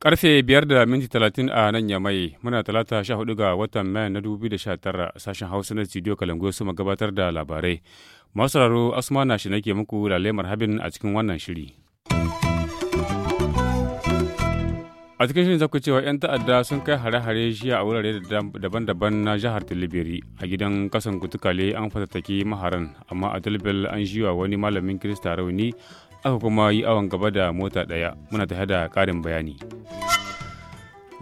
Karfe biyar da minti talatin a nan ya yamai muna talata sha hudu ga watan Mayan na dubu da sha tara sashen Hausa na studio Kalangu su gabatar da labarai. Masu raro asuma na shi nake muku lalemar habin a cikin wannan shiri. a cikin shirin zaku cewa 'yan ta'adda sun kai hare-hare jiya a wurare daban-daban na jihar tilibiri a gidan kasan kutukale an fatattaki maharan amma a tilibir an jiwa wani malamin kirista rauni aka kuma yi awon gaba da mota daya muna ta da karin bayani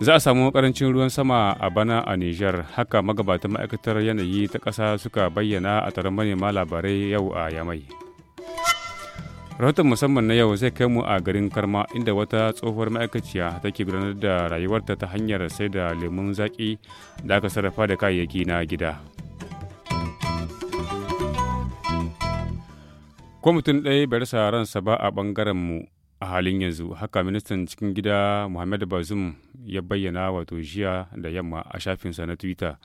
za a samu karancin ruwan sama a bana a niger haka magabatan ma'aikatar yanayi ta ƙasa suka bayyana a taron manema labarai yau a yamai rahoton musamman na yau zai kai mu a garin karma inda wata tsohuwar ma'aikaciya take gudanar da rayuwarta ta hanyar sai da lemun zaƙi da aka sarrafa da kayayyaki na gida ko mutum ɗaya bai rasa ransa ba a ɓangaren mu a halin yanzu haka ministan cikin gida muhammad bazum ya bayyana wato jiya da yamma a shafinsa na twitter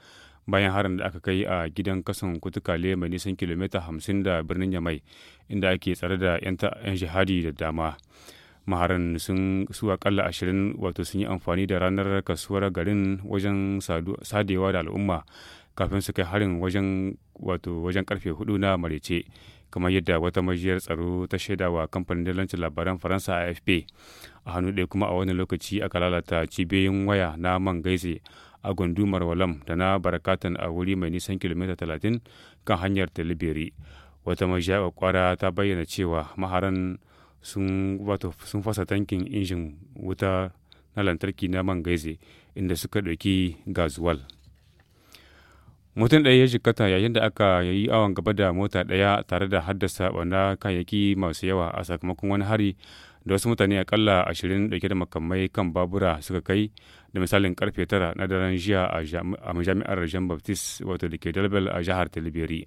bayan harin da aka kai a gidan kasan kutukale mai nisan kilomita hamsin da birnin yamai inda ake tsare da 'yan jihadi da dama maharan sun su akalla ashirin wato sun yi amfani da ranar kasuwar garin wajen sadewa da al'umma kafin su kai harin wajen wato karfe hudu na marece kamar yadda wata majiyar tsaro ta shaida wa kamfanin dalancin labaran faransa afp a hannu ɗaya kuma a wani lokaci aka lalata cibiyoyin waya na man gaise a gundumar walam da na barakatan a wuri mai nisan kilomita 30 kan hanyar talibiri wata majiya kwara ta bayyana cewa maharan sun fasa tankin injin wuta na lantarki na man gaize inda suka ɗauki gazuwal mutum ɗaya ya jikata yayin da aka yi awon gaba da mota ɗaya tare da haddasa ɓana kayayyaki masu yawa a sakamakon wani hari da wasu mutane akalla ashirin dauke da makamai kan babura suka kai da misalin karfe tara na daren jiya a majami'ar jean baptiste wato da ke dalbel a jihar talibiri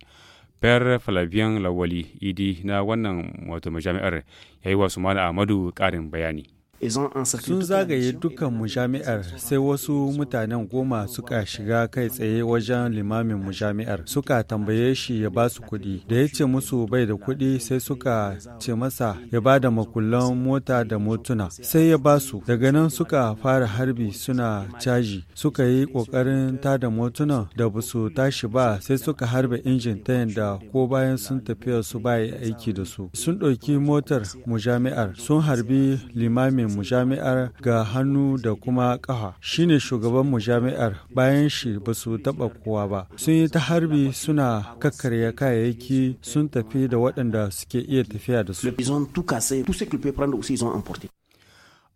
per flavian lawali idi e na wannan wato majami'ar ya yi wa mana amadu karin bayani Sun zagaye dukkan mujami'ar sai wasu mutanen goma suka shiga kai tsaye wajen limamin mujami'ar suka tambaye shi ya ba su kuɗi. Da ya ce musu bai da kuɗi sai suka ce masa ya ba da makullan mota da motuna sai ya ba su. Daga nan suka fara harbi suna caji suka yi ƙoƙarin da motuna da ba su tashi ba sai suka harbe injin ta yadda ko bayan sun tafiya su ba aiki da su. Sun ɗauki motar mujami'ar sun harbi limamin mujami'ar ga hannu da kuma kafa shine shugaban mujami'ar bayan shi ba su taɓa kowa ba sun yi ta harbi suna kakkarya kayayyaki sun tafi da waɗanda suke iya tafiya da su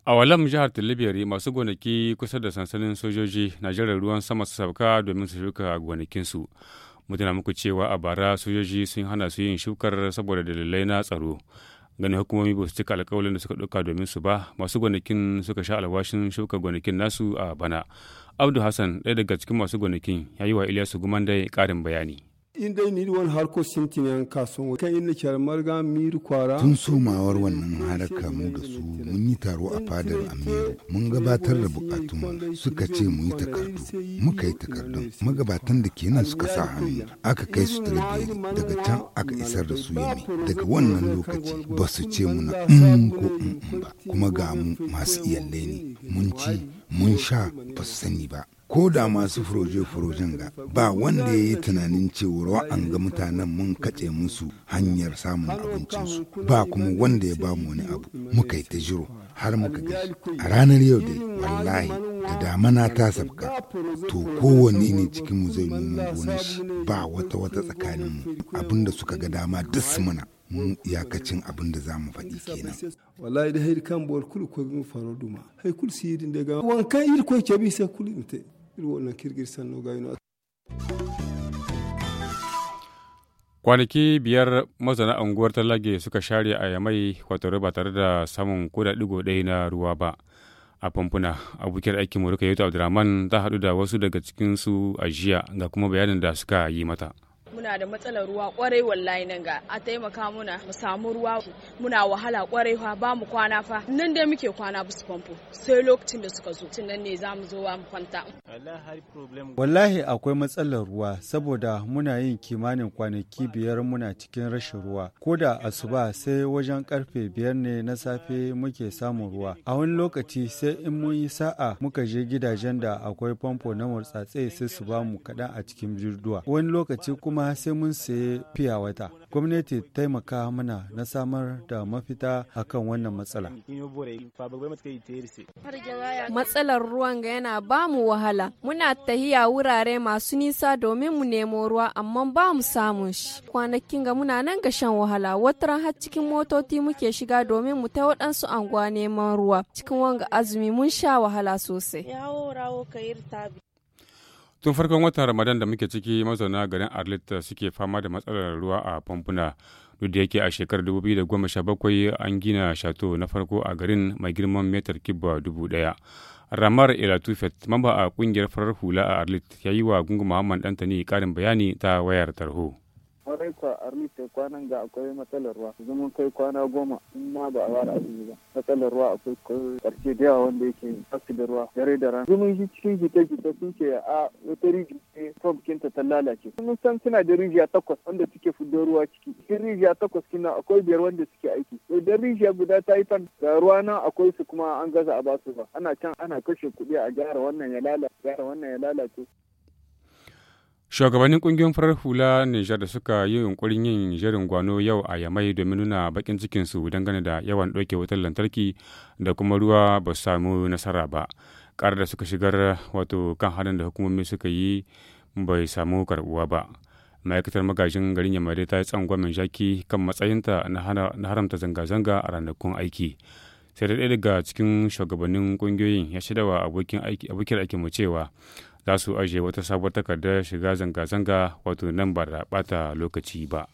A walam jihar Tilibiri masu gonaki kusa da sansanin sojoji na jirar ruwan sama su sauka domin su shuka gonakinsu. Mutuna muku cewa a bara sojoji sun hana su yin shukar saboda dalilai na tsaro. ganin hukumomi ba su cika alkawalin da suka ɗauka domin su ba masu gonakin suka sha alwashin shuka gonakin nasu a bana abdu hassan ɗaya daga cikin masu gonakin ya yi wa ilyasu gumandai ƙarin bayani in dai ni wani harko sintin yan kason kan inda marga miru kwara tun somawar wannan haraka mu da su mun yi taro a fadar amiru mun gabatar da bukatun suka ce mu yi takardu muka yi takardun magabatan da kenan suka sa hannu aka kai su tribune daga can aka isar da su yami daga wannan lokaci ba su ce mu na ko ba kuma ga mu masu iyalle ne mun ci mun sha ba su sani ba ko da masu furoje-furojen ga ba wanda ya yi tunanin cewar an ga mutanen mun katse musu hanyar samun abincinsu ba kuma wanda ya ba mu wani abu muka yi ta jiro har muka gashi a ranar yau dai wallahi da damana ta sabka to kowanne ne cikin mu zai nuna gonar shi ba wata wata tsakanin mu abinda suka ga dama duk muna mu iyakacin abin da mu faɗi kenan wallahi da hayr kan buwar kul ko mu faro duma hay kul siyidin daga wankan ir ko kebi sai kul inte kwanaki biyar mazana unguwar talage suka share a yamai kwataro ba tare da samun koda digo ɗaya na ruwa ba a famfuna abokiyar aikin mu ruka yato abdulrahman ta haɗu da wasu daga cikinsu a jiya ga kuma bayanin da suka yi mata muna da matsalar ruwa kwarai wallahi nan ga a taimaka muna mu samu ruwa muna wahala kwarai fa ba mu kwana fa nan dai muke kwana bisu famfo sai lokacin da suka zo nan ne za mu zo wa mu kwanta wallahi akwai matsalar ruwa saboda muna yin kimanin kwanaki biyar muna cikin rashin ruwa ko da asuba sai wajen karfe biyar ne na safe muke samun ruwa a wani lokaci sai in mun yi sa'a muka je gidajen da akwai famfo na murtsatse sai su ba mu kaɗan a cikin jirduwa wani lokaci kuma sai mun sayi fiya wata. Gwamnati taimaka mana na samar da mafita akan wannan matsala. Matsalar ruwan ga yana ba mu wahala. Muna tahiya wurare masu nisa domin mu nemo ruwa amma ba mu samun shi. Kwanakin ga muna nan ga shan wahala. Wataran har cikin motoci muke shiga domin mu ta waɗansu anguwa neman ruwa. Cikin wanga azumi mun sha wahala sosai. tun farkon watan ramadan da muke ciki mazauna garin arlita suke fama da matsalar ruwa a famfuna duk da yake a shekarar 2017 an gina shato na farko a garin mai girman metar kibba dubu daya ramar elatufet mamba a kungiyar farar hula a arlit ya yi wa gungun muhammad dantani karin bayani ta wayar tarho kwarai kwa a rufe kwanan ga akwai matsalar ruwa zaman kai kwana goma in ma ba a wara azumi ba matsalar ruwa akwai karshe da yawa wanda yake basu da ruwa dare da rana zumun shi cikin jita jita sun ce a wata rijiya ce ta lalace sun san suna da rijiya takwas wanda suke fiddo ruwa ciki cikin rijiya takwas kina akwai biyar wanda suke aiki to da rijiya guda ta yi fan ga ruwa nan akwai su kuma an gaza a basu ba ana can ana kashe kuɗi a gyara wannan ya lalace gyara wannan ya lalace Shugabannin kungiyoyin farar hula Nijar da suka yi yunkurin yin jerin gwano yau a Yamai domin nuna bakin cikinsu dangane da yawan ɗauke wutar lantarki da kuma ruwa ba su samu nasara ba. ƙara da suka shigar wato kan halin da hukumomi suka yi bai samu karbuwa ba. Ma'aikatar magajin garin Yamai ta yi min jaki kan matsayinta na haramta zanga-zanga a ranakun aiki. Sai da ɗaya daga cikin shugabannin kungiyoyin ya shaidawa abokin aikin mu cewa za su ajiye wata sabuwar takardar shiga zanga-zanga wato nan ba da bata lokaci ba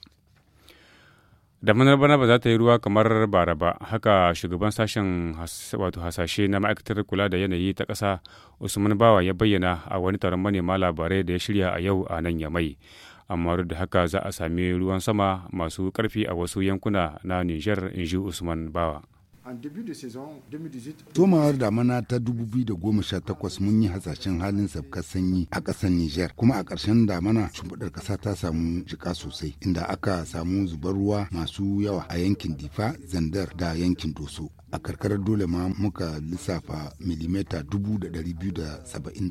da manar bana ba za ta yi ruwa kamar bara ba haka shugaban sashen wato hasashe na ma'aikatar kula da yanayi ta ƙasa usman bawa ya bayyana a wani taron manema labarai da ya shirya a yau a nan yamai amma da haka za a sami ruwan sama masu ƙarfi a wasu yankuna na nijar inji usman bawa da damana ta 2018 mun yi hasashen halin sabkar sanyi a ƙasar Nijar kuma a ƙarshen damana shimfiɗar ƙasa ta samu jika sosai inda aka samu zubar ruwa masu yawa a yankin Difa, Zandar da yankin Doso. a karkarar dole ma muka lissafa milimeta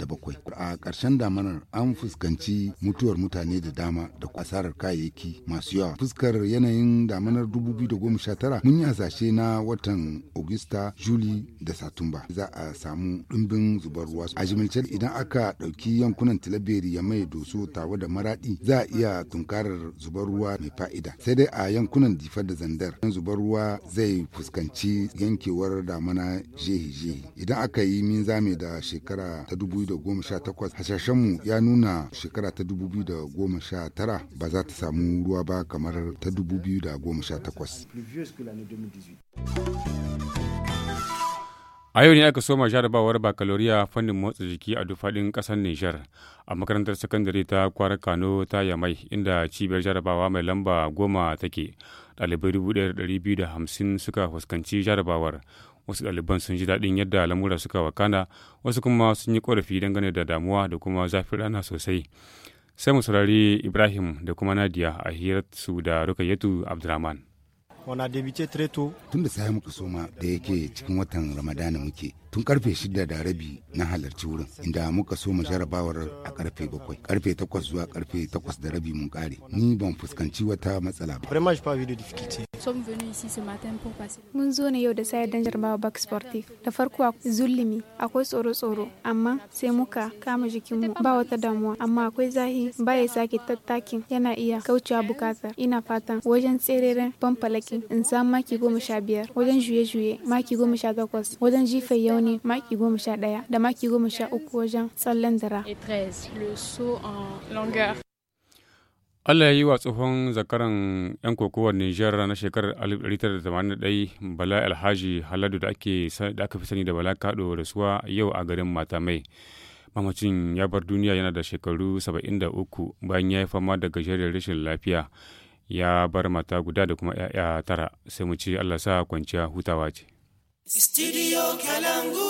bakwai. a ƙarshen damanar an fuskanci mutuwar mutane da dama da asarar kayayyaki masu yawa fuskar yanayin damanar dubu biyu da goma tara mun yi hasashe na watan augusta juli da satumba za a samu ɗumbin zubar ruwa a jimilce idan aka ɗauki yankunan tilaberi ya mai doso tawa da maraɗi za a iya tunkarar zubar ruwa mai fa'ida sai dai a yankunan difar da zandar zubar ruwa zai fuskanci yankewar damana jihi-jihi Idan aka yi min zame da shekara ta 2018 hasashenmu ya nuna shekara ta 2019 ba za ta samu ruwa ba kamar ta 2018. A yau ne aka soma jarabawar bakaloriya fannin motsa jiki a dufaɗin ƙasar Nijar a makarantar sakandare ta kwara Kano ta Yamai inda cibiyar jarabawa mai lamba goma take. Ɗalibai dubu ɗaya da ɗari biyu da hamsin suka fuskanci jarabawar. Wasu ɗaliban sun ji daɗin yadda lamura suka wakana, wasu kuma sun yi ƙorafi dangane da damuwa da kuma zafin rana sosai. Sai mu saurari Ibrahim da kuma Nadiya a hirar su da Rukayyatu Abdulrahman. Wana debice treto. Tun da sai muka soma da yake cikin watan Ramadana muke. Tun karfe shida da rabi na halarci wurin inda muka soma jarabawar a karfe bakwai. Karfe takwas zuwa karfe takwas da rabi mun kare. Ni ban fuskanci wata matsala ba. Mun zo ne yau da sayar dan jarabawa Bak Sportif. Da farko zulumi akwai tsoro-tsoro amma sai muka kama jikinmu ba wata damuwa amma akwai zahi ba ya sake tattakin yana iya kaucewa bukatar ina fatan wajen tsereren ban talatin in san maki goma sha biyar wajen juye-juye maki goma sha takwas wajen jifa yauni maki goma sha ɗaya da maki goma sha uku wajen tsallen dara. Allah ya yi wa tsohon zakaran 'yan kokowar Nijar na shekarar 1981 Bala Alhaji Haladu da aka fi sani da Bala Kado da suwa yau a garin Matamai. Mamacin ya bar duniya yana da shekaru 73 bayan ya yi fama da gajeriyar rashin lafiya. ya bar mata guda da kuma 'ya'ya tara sai mu ci allah sa kwanciya hutawa ce. Studio Kalangu.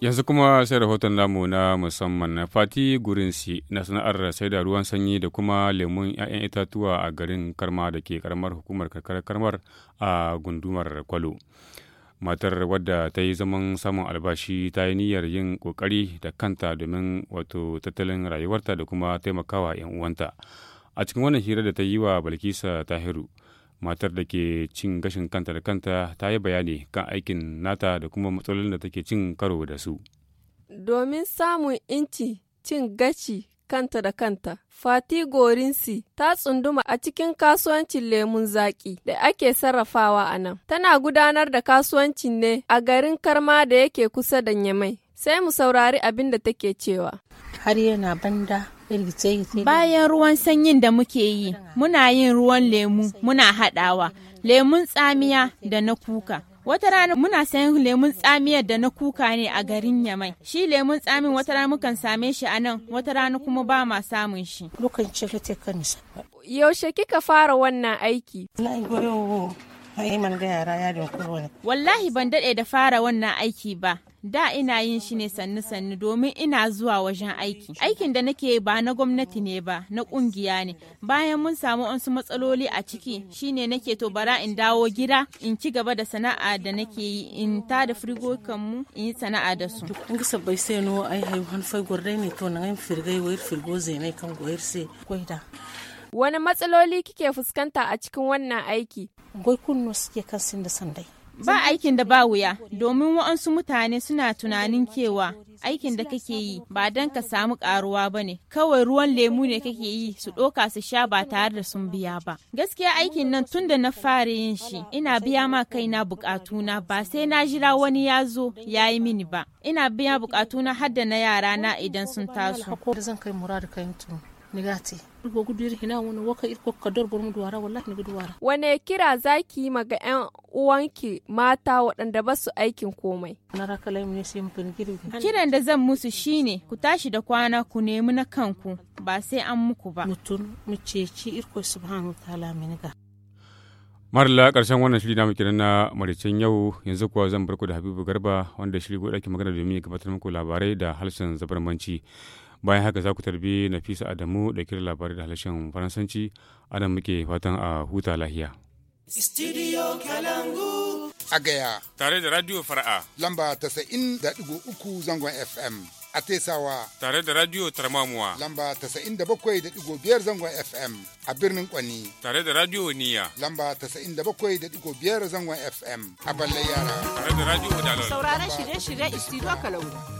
yanzu kuma sai rahoton namu na musamman na fati gurinsi na sana'ar sai da ruwan sanyi da kuma lemun 'ya'yan itatuwa a garin karma da ke karamar hukumar karkarar karmar a gundumar kwalo matar wadda ta yi zaman samun albashi ta yi niyyar yin kokari da kanta domin wato tattalin rayuwarta da kuma taimakawa 'yan uwanta a cikin wannan hira da ta yi wa balkisa tahiru matar da ke cin gashin kanta da kanta ta yi bayani kan aikin nata da kuma matsalolin da take cin karo da su. Domin samun inci cin gashi kanta da kanta, Fati Gorinsi ta tsunduma a cikin kasuwancin lemun zaƙi da ake sarrafawa a nan. Tana gudanar da kasuwancin ne a garin Karma da yake kusa da Nyamai. Sai mu saurari abin da take cewa. har yana banda bayan ruwan sanyin da muke yi muna yin ruwan lemu muna haɗawa lemun tsamiya da na kuka wata rana muna sayan lemun tsamiyar da na kuka ne a garin yamai shi lemun tsamin wata rana mukan same shi a nan wata rana kuma ba ma samun shi yaushe kika fara wannan aiki wallahi ban daɗe da fara wannan aiki ba da ina yin shi ne sannu-sannu domin ina zuwa wajen aiki. Aikin da nake ba na gwamnati ne ba, na kungiya ne. Bayan mun samu wasu matsaloli a ciki, shine nake to bara in dawo gida, in ci gaba da sana'a da nake yi, in ta da firgokan mu, in yi sana'a da su. Kun sabbai sai no ai haihuwan fai ne to na yin firgai wayar firgo zai ne kan goyar sai da. Wani matsaloli kike fuskanta a cikin wannan aiki? Gwai kunno suke kan sin da sandai. Ba aikin da ba wuya, domin wa'ansu mutane suna tunanin cewa aikin da kake yi ba don ka samu karuwa ba ne, kawai ruwan lemu ne kake yi su ɗoka su sha ba tare da sun biya ba. Gaskiya aikin nan tun da na fara yin shi, ina biya ma kaina bukatuna ba sai na jira wani ya zo ya yi mini ba. Ina biya bukatuna har da na yarana idan sun taso. nigati ko gudir hina wani waka irko kador duwara wallahi ni duwara wane kira zaki maga yan uwanki mata waɗanda ba su aikin komai na sai mun girbi kiran da zan musu shine ku tashi da kwana ku nemi na kanku ba sai an muku ba mutum mu ceci irko subhanahu ta'ala ga marla karshen wannan shiri da muke na maricin yau yanzu kuwa zan barku da habibu garba wanda shiri daki magana domin gabatar muku labarai da harshen zabarmanci bayan haka za ku tarbi nafisa adamu da kira labarai da halashen faransanci adam muke fatan a huta lahiya studio kalangu a gaya tare da radio fara'a lamba uku zangon fm a tesawa tare da radio tarmamuwa lamba biyar zangon fm a birnin kwani tare da radio niya lamba biyar zangon fm a balle tare da radio dalol sauraron shirye-shirye istiro kalangu